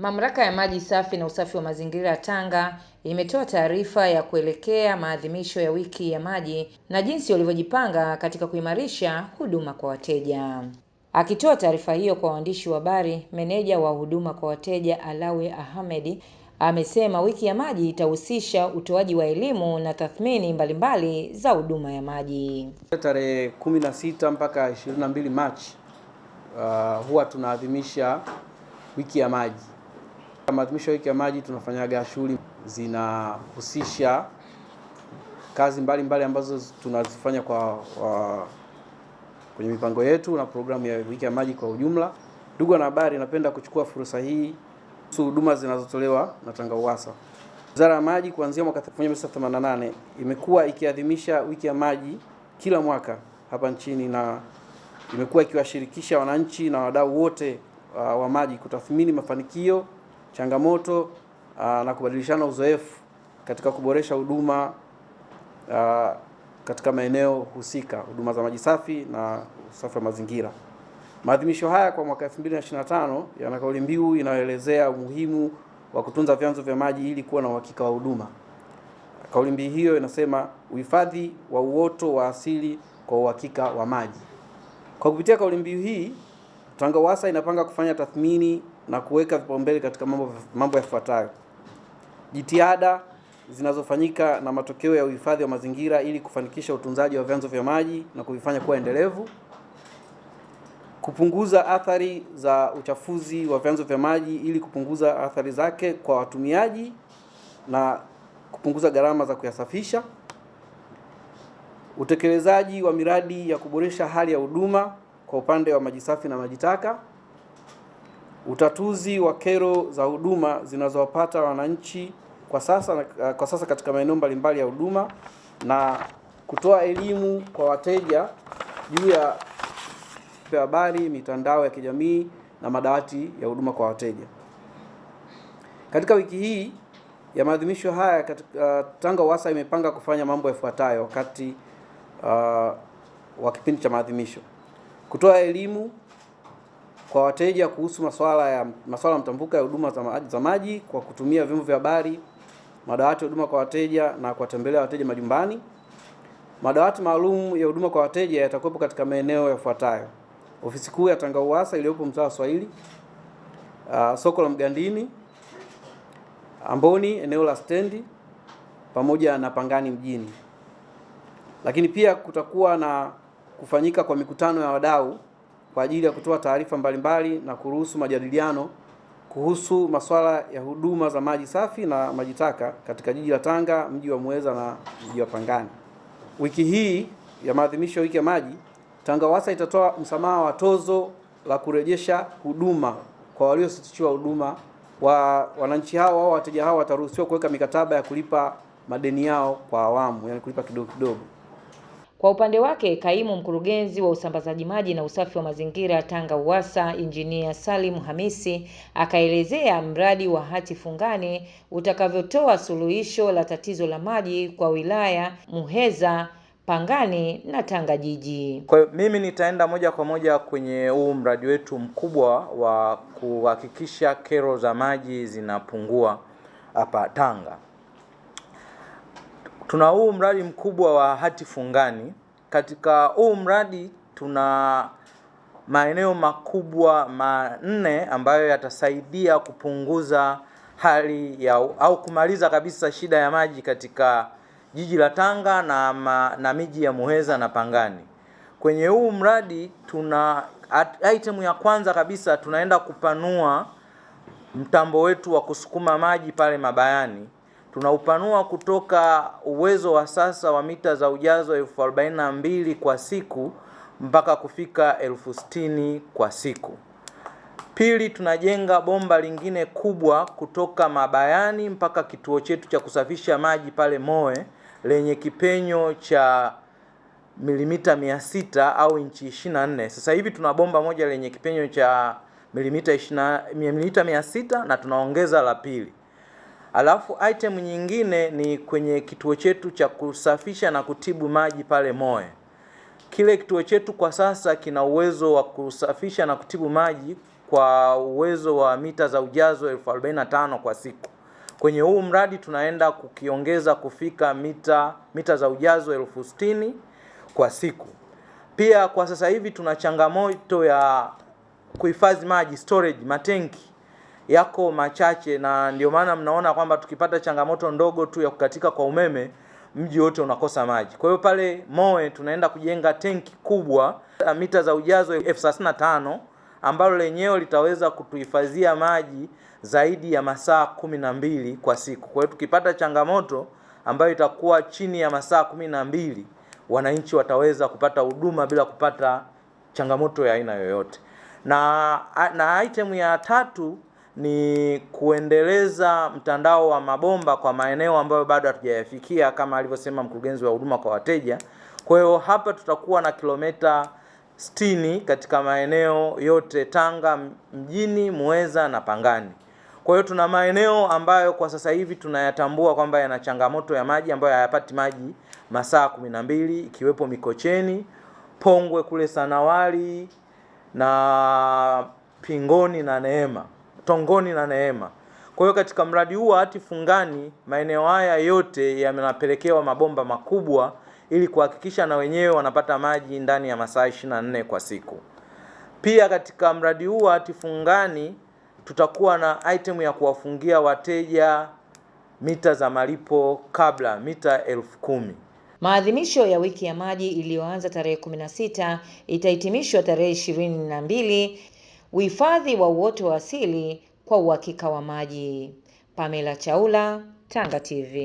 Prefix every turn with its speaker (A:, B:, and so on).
A: Mamlaka ya maji safi na usafi wa mazingira Tanga imetoa taarifa ya kuelekea maadhimisho ya wiki ya maji na jinsi walivyojipanga katika kuimarisha huduma kwa wateja. Akitoa taarifa hiyo kwa waandishi wa habari, meneja wa huduma kwa wateja Alawi Ahmed amesema wiki ya maji itahusisha utoaji wa elimu na tathmini mbalimbali za huduma ya maji.
B: Tarehe 16 mpaka 22 Machi, uh, huwa tunaadhimisha wiki ya maji Maadhimisho ya wiki ya maji tunafanyaga shughuli zinahusisha kazi mbalimbali mbali ambazo tunazifanya kwa, kwa kwenye mipango yetu na programu ya wiki ya maji kwa ujumla. Ndugu wanahabari, napenda kuchukua fursa hii kuhusu huduma zinazotolewa na TANGAUWASA. Wizara ya Maji kuanzia mwaka 1988 imekuwa ikiadhimisha wiki ya maji kila mwaka hapa nchini na imekuwa ikiwashirikisha wananchi na wadau wote uh, wa maji kutathmini mafanikio changamoto uh, na kubadilishana uzoefu katika kuboresha huduma ah, katika maeneo husika, huduma za maji safi na usafi wa mazingira. Maadhimisho haya kwa mwaka 2025 yana kauli mbiu inayoelezea umuhimu wa kutunza vyanzo vya maji ili kuwa na uhakika wa huduma. Kauli mbiu hiyo inasema uhifadhi wa uoto wa asili kwa uhakika wa maji. Kwa kupitia kauli mbiu hii, TANGA inapanga kufanya tathmini na kuweka vipaumbele katika mambo, mambo yafuatayo: jitihada zinazofanyika na matokeo ya uhifadhi wa mazingira ili kufanikisha utunzaji wa vyanzo vya maji na kuvifanya kuwa endelevu, kupunguza athari za uchafuzi wa vyanzo vya maji ili kupunguza athari zake kwa watumiaji na kupunguza gharama za kuyasafisha, utekelezaji wa miradi ya kuboresha hali ya huduma kwa upande wa maji safi na maji taka Utatuzi wa kero za huduma zinazowapata wananchi kwa sasa, kwa sasa katika maeneo mbalimbali ya huduma na kutoa elimu kwa wateja juu ya habari, mitandao ya kijamii na madawati ya huduma kwa wateja. Katika wiki hii ya maadhimisho haya katika, uh, Tanga Uwasa imepanga kufanya mambo yafuatayo wakati uh, wa kipindi cha maadhimisho: kutoa elimu kwa wateja kuhusu masuala ya masuala mtambuka ya huduma za maji kwa kutumia vyombo vya habari, madawati ya huduma kwa wateja na kuwatembelea wateja majumbani. Madawati maalum ya huduma kwa wateja yatakuwepo katika maeneo yafuatayo: ofisi kuu ya Tanga Uwasa iliyopo mtaa wa Swahili, uh, soko la Mgandini, Amboni eneo la stendi, pamoja na Pangani mjini. Lakini pia kutakuwa na kufanyika kwa mikutano ya wadau kwa ajili ya kutoa taarifa mbalimbali na kuruhusu majadiliano kuhusu masuala ya huduma za maji safi na maji taka katika jiji la Tanga, mji wa Muheza na mji wa Pangani. Wiki hii ya maadhimisho ya wiki ya maji, TANGAWASA itatoa msamaha wa tozo la kurejesha huduma kwa waliositishiwa huduma wa wananchi hao au wateja hao wataruhusiwa kuweka mikataba ya kulipa madeni yao kwa awamu, yani kulipa kidogo kidogo.
A: Kwa upande wake, kaimu mkurugenzi wa usambazaji maji na usafi wa mazingira Tanga UWASA, Injinia Salim Hamisi akaelezea mradi wa hati fungani utakavyotoa suluhisho la tatizo la maji kwa wilaya Muheza, Pangani na Tanga Jiji.
C: Kwa hiyo mimi nitaenda moja kwa moja kwenye huu mradi wetu mkubwa wa kuhakikisha kero za maji zinapungua hapa Tanga. Tuna huu mradi mkubwa wa hati fungani. Katika huu mradi tuna maeneo makubwa manne ambayo yatasaidia kupunguza hali ya au kumaliza kabisa shida ya maji katika jiji la Tanga na, ma, na miji ya Muheza na Pangani. Kwenye huu mradi tuna at, item ya kwanza kabisa tunaenda kupanua mtambo wetu wa kusukuma maji pale Mabayani tunaupanua kutoka uwezo wa sasa wa mita za ujazo elfu arobaini na mbili kwa siku mpaka kufika elfu sitini kwa siku. Pili, tunajenga bomba lingine kubwa kutoka Mabayani mpaka kituo chetu cha kusafisha maji pale Moe lenye kipenyo cha milimita mia sita au inchi 24. Sasa hivi tuna bomba moja lenye kipenyo cha milimita 20, milimita mia sita na tunaongeza la pili. Alafu item nyingine ni kwenye kituo chetu cha kusafisha na kutibu maji pale Moe. Kile kituo chetu kwa sasa kina uwezo wa kusafisha na kutibu maji kwa uwezo wa mita za ujazo 1045 kwa siku. Kwenye huu mradi tunaenda kukiongeza kufika mita mita za ujazo 1060 kwa siku. Pia kwa sasa hivi tuna changamoto ya kuhifadhi maji storage, matenki yako machache, na ndio maana mnaona kwamba tukipata changamoto ndogo tu ya kukatika kwa umeme mji wote unakosa maji. Kwa hiyo pale Moe tunaenda kujenga tenki kubwa mita za ujazo elfu thelathini na tano ambalo lenyewe litaweza kutuhifadhia maji zaidi ya masaa kumi na mbili kwa siku. Kwa hiyo tukipata changamoto ambayo itakuwa chini ya masaa kumi na mbili wananchi wataweza kupata huduma bila kupata changamoto ya aina yoyote. Na, na item ya tatu ni kuendeleza mtandao wa mabomba kwa maeneo ambayo bado hatujayafikia kama alivyosema mkurugenzi wa huduma kwa wateja. Kwa hiyo hapa tutakuwa na kilomita 60 katika maeneo yote Tanga mjini, Muheza na Pangani. Kwa hiyo tuna maeneo ambayo kwa sasa hivi tunayatambua kwamba yana changamoto ya maji ambayo hayapati maji masaa kumi na mbili ikiwepo Mikocheni, Pongwe kule sanawali na Pingoni na Neema. Tongoni na Neema. Kwa hiyo katika mradi huu wa Hati Fungani, maeneo haya yote yanapelekewa mabomba makubwa ili kuhakikisha na wenyewe wanapata maji ndani ya masaa 24 kwa siku. Pia katika mradi huu wa Hati Fungani tutakuwa na item ya kuwafungia wateja mita za malipo kabla mita elfu kumi.
A: Maadhimisho ya wiki ya maji iliyoanza tarehe 16 itahitimishwa tarehe 22 uhifadhi wa uoto wa asili kwa uhakika wa maji. Pamela Chaula, Tanga TV.